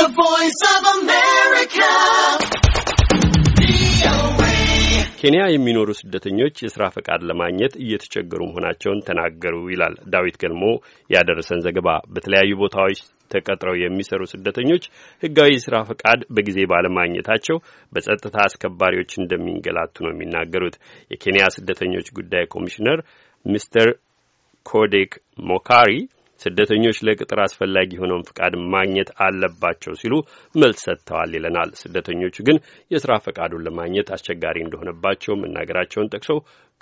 The Voice of America. ኬንያ የሚኖሩ ስደተኞች የስራ ፈቃድ ለማግኘት እየተቸገሩ መሆናቸውን ተናገሩ ይላል ዳዊት ገልሞ ያደረሰን ዘገባ። በተለያዩ ቦታዎች ተቀጥረው የሚሰሩ ስደተኞች ህጋዊ የስራ ፈቃድ በጊዜ ባለማግኘታቸው በጸጥታ አስከባሪዎች እንደሚንገላቱ ነው የሚናገሩት። የኬንያ ስደተኞች ጉዳይ ኮሚሽነር ሚስተር ኮዴክ ሞካሪ ስደተኞች ለቅጥር አስፈላጊ የሆነውን ፍቃድ ማግኘት አለባቸው ሲሉ መልስ ሰጥተዋል ይለናል። ስደተኞቹ ግን የስራ ፈቃዱን ለማግኘት አስቸጋሪ እንደሆነባቸው መናገራቸውን ጠቅሶ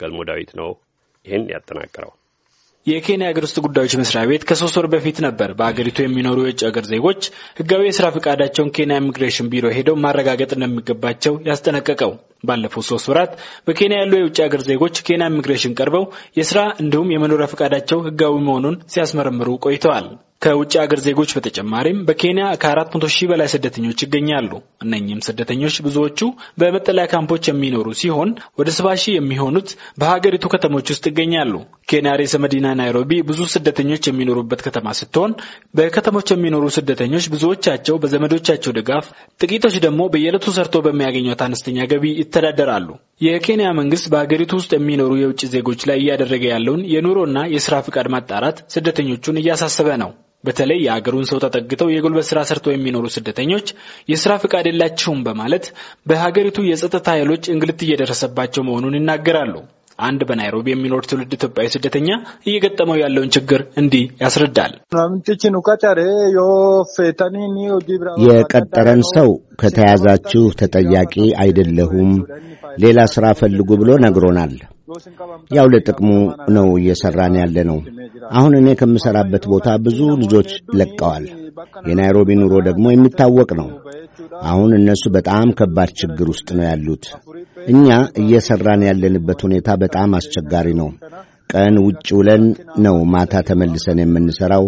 ገልሞ ዳዊት ነው ይህን ያጠናቀረው። የኬንያ የአገር ውስጥ ጉዳዮች መስሪያ ቤት ከሶስት ወር በፊት ነበር በሀገሪቱ የሚኖሩ የውጭ ሀገር ዜጎች ህጋዊ የስራ ፈቃዳቸውን ኬንያ ኢሚግሬሽን ቢሮ ሄደው ማረጋገጥ እንደሚገባቸው ያስጠነቀቀው። ባለፉት ሶስት ወራት በኬንያ ያሉ የውጭ ሀገር ዜጎች ኬንያ ኢሚግሬሽን ቀርበው የስራ እንዲሁም የመኖሪያ ፈቃዳቸው ህጋዊ መሆኑን ሲያስመረምሩ ቆይተዋል። ከውጭ ሀገር ዜጎች በተጨማሪም በኬንያ ከአራት መቶ ሺህ በላይ ስደተኞች ይገኛሉ። እነኚህም ስደተኞች ብዙዎቹ በመጠለያ ካምፖች የሚኖሩ ሲሆን ወደ ሰባ ሺህ የሚሆኑት በሀገሪቱ ከተሞች ውስጥ ይገኛሉ። ኬንያ ርዕሰ መዲና ናይሮቢ ብዙ ስደተኞች የሚኖሩበት ከተማ ስትሆን በከተሞች የሚኖሩ ስደተኞች ብዙዎቻቸው በዘመዶቻቸው ድጋፍ፣ ጥቂቶች ደግሞ በየዕለቱ ሰርቶ በሚያገኙት አነስተኛ ገቢ ይተዳደራሉ። የኬንያ መንግስት በሀገሪቱ ውስጥ የሚኖሩ የውጭ ዜጎች ላይ እያደረገ ያለውን የኑሮና የስራ ፍቃድ ማጣራት ስደተኞቹን እያሳሰበ ነው። በተለይ የአገሩን ሰው ተጠግተው የጉልበት ስራ ሰርተው የሚኖሩ ስደተኞች የስራ ፍቃድ የላቸውም በማለት በሀገሪቱ የጸጥታ ኃይሎች እንግልት እየደረሰባቸው መሆኑን ይናገራሉ። አንድ በናይሮቢ የሚኖር ትውልድ ኢትዮጵያዊ ስደተኛ እየገጠመው ያለውን ችግር እንዲህ ያስረዳል። የቀጠረን ሰው ከተያዛችሁ ተጠያቂ አይደለሁም፣ ሌላ ስራ ፈልጉ ብሎ ነግሮናል። ያው ለጥቅሙ ነው እየሠራን ያለ ነው። አሁን እኔ ከምሠራበት ቦታ ብዙ ልጆች ለቀዋል። የናይሮቢ ኑሮ ደግሞ የሚታወቅ ነው። አሁን እነሱ በጣም ከባድ ችግር ውስጥ ነው ያሉት። እኛ እየሰራን ያለንበት ሁኔታ በጣም አስቸጋሪ ነው። ቀን ውጭ ውለን ነው ማታ ተመልሰን የምንሰራው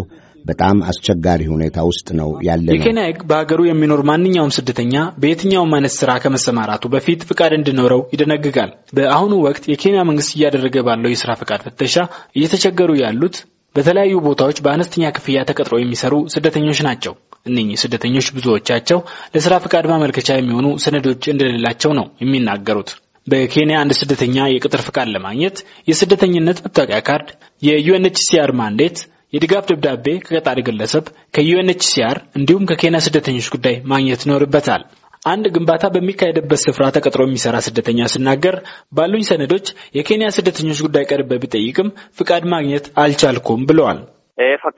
በጣም አስቸጋሪ ሁኔታ ውስጥ ነው ያለ የኬንያ ሕግ በሀገሩ የሚኖር ማንኛውም ስደተኛ በየትኛውም አይነት ስራ ከመሰማራቱ በፊት ፍቃድ እንዲኖረው ይደነግጋል። በአሁኑ ወቅት የኬንያ መንግስት እያደረገ ባለው የስራ ፍቃድ ፍተሻ እየተቸገሩ ያሉት በተለያዩ ቦታዎች በአነስተኛ ክፍያ ተቀጥሮ የሚሰሩ ስደተኞች ናቸው። እነኚህ ስደተኞች ብዙዎቻቸው ለስራ ፍቃድ ማመልከቻ የሚሆኑ ሰነዶች እንደሌላቸው ነው የሚናገሩት። በኬንያ አንድ ስደተኛ የቅጥር ፍቃድ ለማግኘት የስደተኝነት መታወቂያ ካርድ፣ የዩኤንኤችሲአር ማንዴት፣ የድጋፍ ደብዳቤ ከቀጣሪ ግለሰብ፣ ከዩኤንኤችሲአር እንዲሁም ከኬንያ ስደተኞች ጉዳይ ማግኘት ይኖርበታል። አንድ ግንባታ በሚካሄድበት ስፍራ ተቀጥሮ የሚሰራ ስደተኛ ስናገር ባሉኝ ሰነዶች የኬንያ ስደተኞች ጉዳይ ቀርበ ቢጠይቅም ፍቃድ ማግኘት አልቻልኩም ብለዋል። ፊ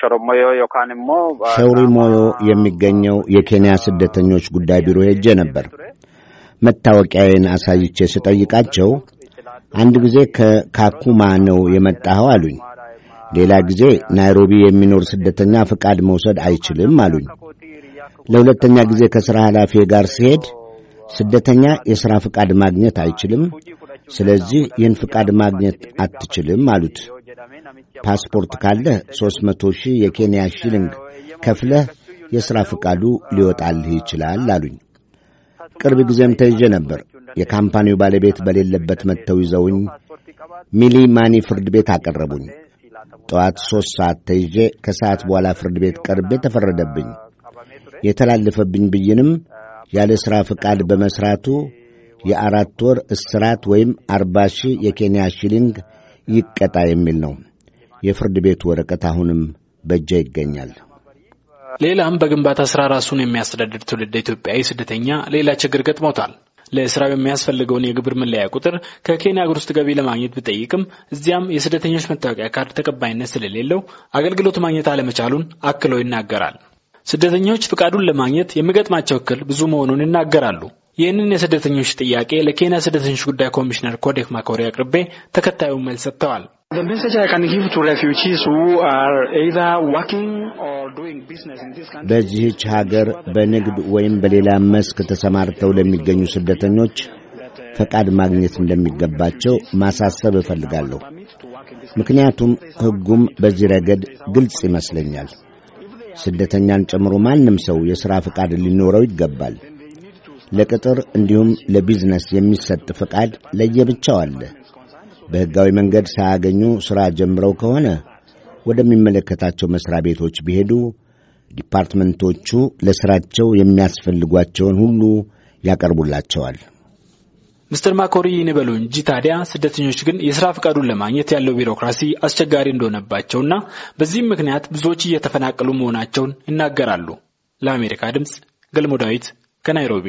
ሸሮሞዮ ዮካን immoo ሸሪሞዮ የሚገኘው የኬንያ ስደተኞች ጉዳይ ቢሮ ሄጄ ነበር። መታወቂያዬን አሳይቼ ስጠይቃቸው አንድ ጊዜ ከካኩማ ነው የመጣኸው አሉኝ። ሌላ ጊዜ ናይሮቢ የሚኖር ስደተኛ ፍቃድ መውሰድ አይችልም አሉኝ። ለሁለተኛ ጊዜ ከሥራ ኃላፊ ጋር ሲሄድ ስደተኛ የሥራ ፍቃድ ማግኘት አይችልም፣ ስለዚህ ይህን ፍቃድ ማግኘት አትችልም አሉት። ፓስፖርት ካለህ ሦስት መቶ ሺህ የኬንያ ሺሊንግ ከፍለህ የሥራ ፍቃዱ ሊወጣልህ ይችላል አሉኝ። ቅርብ ጊዜም ተይዤ ነበር። የካምፓኒው ባለቤት በሌለበት መጥተው ይዘውኝ ሚሊ ማኒ ፍርድ ቤት አቀረቡኝ። ጠዋት ሦስት ሰዓት ተይዤ ከሰዓት በኋላ ፍርድ ቤት ቀርቤ ተፈረደብኝ። የተላለፈብኝ ብይንም ያለ ሥራ ፍቃድ በመሥራቱ የአራት ወር እስራት ወይም አርባ ሺህ የኬንያ ሺሊንግ ይቀጣ የሚል ነው። የፍርድ ቤት ወረቀት አሁንም በእጄ ይገኛል። ሌላም በግንባታ ስራ ራሱን የሚያስተዳድር ትውልድ ኢትዮጵያዊ ስደተኛ ሌላ ችግር ገጥሞታል። ለስራው የሚያስፈልገውን የግብር መለያ ቁጥር ከኬንያ አገር ውስጥ ገቢ ለማግኘት ቢጠይቅም እዚያም የስደተኞች መታወቂያ ካርድ ተቀባይነት ስለሌለው አገልግሎት ማግኘት አለመቻሉን አክለው ይናገራል። ስደተኞች ፍቃዱን ለማግኘት የሚገጥማቸው እክል ብዙ መሆኑን ይናገራሉ። ይህንን የስደተኞች ጥያቄ ለኬንያ ስደተኞች ጉዳይ ኮሚሽነር ኮዴክ ማኮሪ አቅርቤ ተከታዩን መልስ ሰጥተዋል። በዚህች ሀገር በንግድ ወይም በሌላ መስክ ተሰማርተው ለሚገኙ ስደተኞች ፈቃድ ማግኘት እንደሚገባቸው ማሳሰብ እፈልጋለሁ። ምክንያቱም ሕጉም በዚህ ረገድ ግልጽ ይመስለኛል። ስደተኛን ጨምሮ ማንም ሰው የሥራ ፈቃድ ሊኖረው ይገባል። ለቅጥር እንዲሁም ለቢዝነስ የሚሰጥ ፍቃድ ለየብቻው አለ። በሕጋዊ መንገድ ሳያገኙ ሥራ ጀምረው ከሆነ ወደሚመለከታቸው መሥሪያ ቤቶች ቢሄዱ ዲፓርትመንቶቹ ለሥራቸው የሚያስፈልጓቸውን ሁሉ ያቀርቡላቸዋል። ምስተር ማኮሪ ይንበሉ እንጂ ታዲያ ስደተኞች ግን የስራ ፍቃዱን ለማግኘት ያለው ቢሮክራሲ አስቸጋሪ እንደሆነባቸውና በዚህም ምክንያት ብዙዎች እየተፈናቀሉ መሆናቸውን ይናገራሉ። ለአሜሪካ ድምፅ ገልሞ ዳዊት ከናይሮቢ